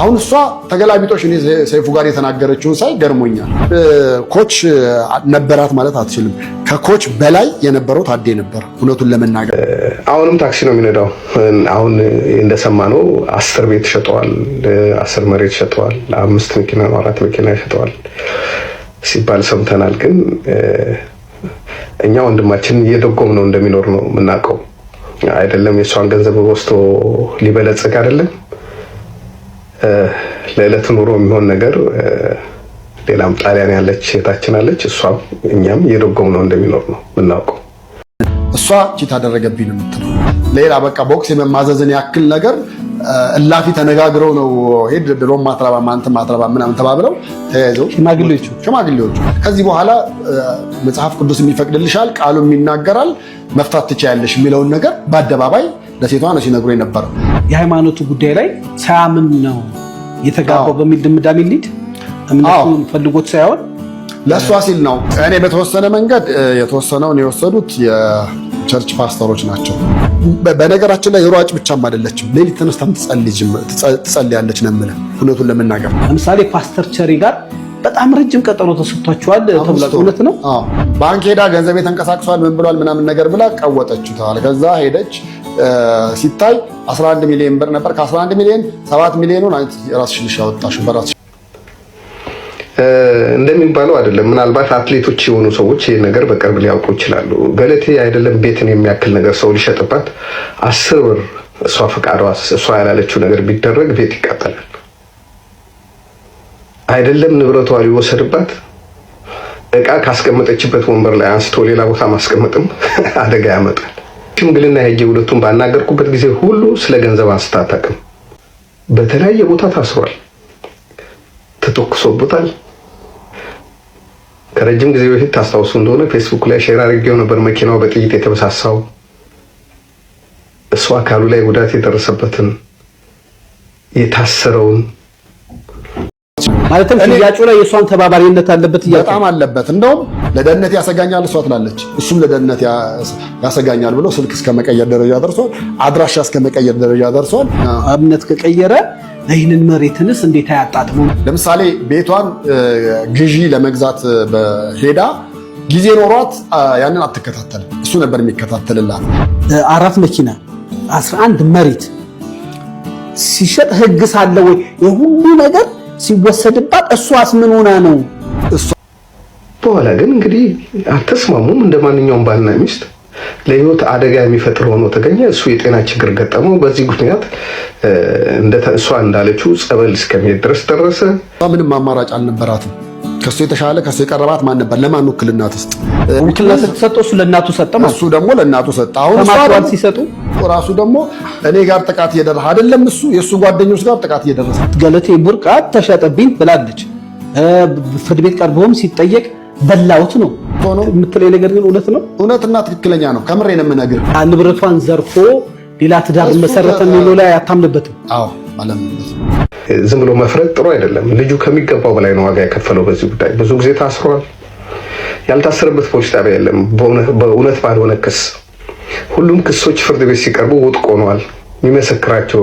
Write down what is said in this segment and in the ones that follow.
አሁን እሷ ተገላቢጦሽ እኔ ሰይፉ ጋር የተናገረችውን ሳይ ገርሞኛል። ኮች ነበራት ማለት አትችልም። ከኮች በላይ የነበረው ታዴ ነበር፣ እውነቱን ለመናገር አሁንም ታክሲ ነው የሚነዳው። አሁን እንደሰማነው አስር ቤት ሸጠዋል፣ አስር መሬት ሸጠዋል፣ አምስት መኪና ነው አራት መኪና ሸጠዋል ሲባል ሰምተናል። ግን እኛ ወንድማችን እየደጎም ነው እንደሚኖር ነው የምናውቀው። አይደለም የእሷን ገንዘብ ወስዶ ሊበለጽግ አይደለም ለዕለት ኑሮ የሚሆን ነገር ሌላም ጣሊያን ያለች እህታችን አለች። እሷም እኛም የደጎም ነው እንደሚኖር ነው የምናውቀው። እሷ ቺት አደረገብኝ ነው የምትለው። ሌላ በቃ ቦክስ የመማዘዝን ያክል ነገር እላፊ ተነጋግረው ነው ሄድ ድሮም ማትረባ ማንትም ማትረባ ምናምን ተባብለው ተያይዘው ሽማግሌዎቹ ሽማግሌዎቹ ከዚህ በኋላ መጽሐፍ ቅዱስ የሚፈቅድልሻል ቃሉም ይናገራል መፍታት ትችያለሽ የሚለውን ነገር በአደባባይ ለሴቷ ነው ሲነግሩ የነበረው። የሃይማኖቱ ጉዳይ ላይ ሳያምን ነው የተጋባው በሚል ድምዳሜ ሊድ እምነቱን ፈልጎት ሳይሆን ለእሷ ሲል ነው። እኔ በተወሰነ መንገድ የተወሰነውን የወሰዱት የቸርች ፓስተሮች ናቸው። በነገራችን ላይ ሯጭ ብቻም አይደለችም። ሌሊት ተነስታም ትጸልያለች ነው የምልህ፣ እውነቱን ለመናገር ለምሳሌ ፓስተር ቸሪ ጋር በጣም ረጅም ቀጠሮ ተሰጥቷቸዋል ተብሏል። እውነት ነው። ባንክ ሄዳ ገንዘቤ ተንቀሳቅሷል ምን ብሏል ምናምን ነገር ብላ ቀወጠችታል። ከዛ ሄደች ሲታይ 11 ሚሊዮን ብር ነበር። ከ11 ሚሊዮን 7 ሚሊዮኑን አንቺ ራስሽ ያወጣሽው በራስሽ እንደሚባለው አይደለም። ምናልባት አትሌቶች የሆኑ ሰዎች ይህ ነገር በቅርብ ሊያውቁ ይችላሉ። ገለቴ አይደለም ቤትን የሚያክል ነገር ሰው ሊሸጥባት አስር ብር እሷ ፈቃዷ እሷ ያላለችው ነገር ቢደረግ ቤት ይቃጠላል። አይደለም ንብረቷ ሊወሰድባት እቃ ካስቀመጠችበት ወንበር ላይ አንስቶ ሌላ ቦታ ማስቀመጥም አደጋ ያመጣል። ሽምግልና ሄጄ ሁለቱን ባናገርኩበት ጊዜ ሁሉ ስለ ገንዘብ አንስታ በተለያየ ቦታ ታስሯል፣ ተተኩሶበታል። ከረጅም ጊዜ በፊት ታስታውሱ እንደሆነ ፌስቡክ ላይ ሼር አድርጌው ነበር። መኪናው በጥይት የተበሳሳው እሱ አካሉ ላይ ጉዳት የደረሰበትን የታሰረውን ማለትም ሽያጩ ላይ የእሷም ተባባሪነት አለበት። በጣም አለበት። እንደውም ለደህንነት ያሰጋኛል እሷ ትላለች፣ እሱም ለደህንነት ያሰጋኛል ብሎ ስልክ እስከ መቀየር ደረጃ ደርሷል። አድራሻ እስከ መቀየር ደረጃ ደርሷል። እምነት ከቀየረ ይህንን መሬትንስ እንዴት አያጣጥሙ? ለምሳሌ ቤቷን ግዢ ለመግዛት ሄዳ ጊዜ ኖሯት ያንን አትከታተልም። እሱ ነበር የሚከታተልላት። አራት መኪና 11 መሬት ሲሸጥ ህግ ሳለ ወይ የሁሉ ነገር ሲወሰድባት እሷስ ምን ሆና ነው? በኋላ ግን እንግዲህ አልተስማሙም። እንደ ማንኛውም ባልና ሚስት ለህይወት አደጋ የሚፈጥር ሆኖ ተገኘ። እሱ የጤና ችግር ገጠመው። በዚህ ምክንያት እሷ እንዳለችው ጸበል እስከሚሄድ ድረስ ደረሰ። ምንም አማራጭ አልነበራትም። ከሱ የተሻለ ከሱ የቀረባት ማን ነበር? ለማን ውክልና ትስጥ? ውክልና ስትሰጠው እሱ ለእናቱ ሰጠ፣ እሱ ደግሞ ለእናቱ ሰጠ። አሁን ሲሰጡ ራሱ ደግሞ እኔ ጋር ጥቃት እየደረሰ አይደለም እሱ የእሱ ጓደኞች ጋር ጥቃት እየደረሰ ገለቴ ቡርቃ ተሸጠብኝ ብላለች። ፍርድ ቤት ቀርቦም ሲጠየቅ በላውት ነው ሆኖ የምትለኝ ነገር ግን እውነት ነው፣ እውነትና ትክክለኛ ነው። ከምሬ ነው የምነግርህ። ንብረቷን ዘርፎ ሌላ ትዳር መሰረተ የሚለው ላይ አታምንበትም? አዎ አላምንበትም። ዝም ብሎ መፍረድ ጥሩ አይደለም። ልጁ ከሚገባው በላይ ነው ዋጋ የከፈለው በዚህ ጉዳይ። ብዙ ጊዜ ታስሯል። ያልታሰረበት ፖሊስ ጣቢያ የለም በእውነት ባልሆነ ክስ ሁሉም ክሶች ፍርድ ቤት ሲቀርቡ ውድቅ ሆነዋል። የሚመሰክራቸው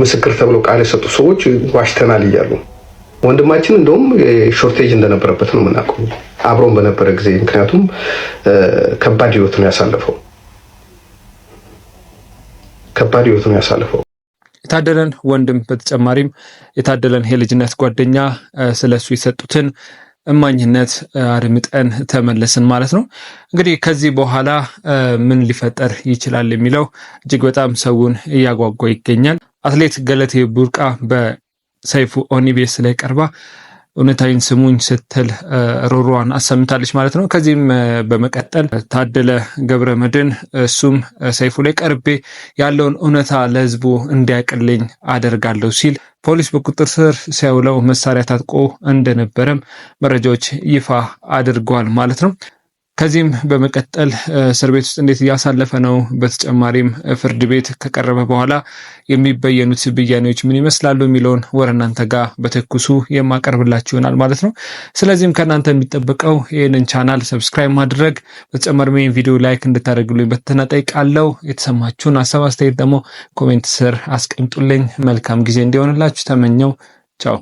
ምስክር ተብለው ቃል የሰጡ ሰዎች ዋሽተናል እያሉ ወንድማችን እንደውም ሾርቴጅ እንደነበረበት ነው የምናውቀው አብሮን በነበረ ጊዜ። ምክንያቱም ከባድ ህይወት ነው ያሳለፈው፣ ከባድ ህይወት ነው ያሳለፈው። የታደለን ወንድም በተጨማሪም የታደለን የልጅነት ጓደኛ ስለሱ የሰጡትን እማኝነት አድምጠን ተመለስን ማለት ነው። እንግዲህ ከዚህ በኋላ ምን ሊፈጠር ይችላል የሚለው እጅግ በጣም ሰውን እያጓጓ ይገኛል። አትሌት ገለቴ ቡርቃ በሰይፉ ኦኒቤስ ላይ ቀርባ እውነታዊን ስሙኝ ስትል ሮሮዋን አሰምታለች ማለት ነው። ከዚህም በመቀጠል ታደለ ገብረ መድን እሱም ሰይፉ ላይ ቀርቤ ያለውን እውነታ ለህዝቡ እንዲያቅልኝ አደርጋለሁ ሲል ፖሊስ በቁጥር ስር ሲያውለው መሳሪያ ታጥቆ እንደነበረም መረጃዎች ይፋ አድርጓል ማለት ነው። ከዚህም በመቀጠል እስር ቤት ውስጥ እንዴት እያሳለፈ ነው። በተጨማሪም ፍርድ ቤት ከቀረበ በኋላ የሚበየኑት ብያኔዎች ምን ይመስላሉ የሚለውን ወር እናንተ ጋር በትኩሱ የማቀርብላችሁ ይሆናል ማለት ነው። ስለዚህም ከእናንተ የሚጠበቀው ይህንን ቻናል ሰብስክራይብ ማድረግ፣ በተጨማሪም ይህን ቪዲዮ ላይክ እንድታደርግልኝ በትህትና እጠይቃለሁ። የተሰማችሁን ሀሳብ አስተያየት ደግሞ ኮሜንት ስር አስቀምጡልኝ። መልካም ጊዜ እንዲሆንላችሁ ተመኘው። ቻው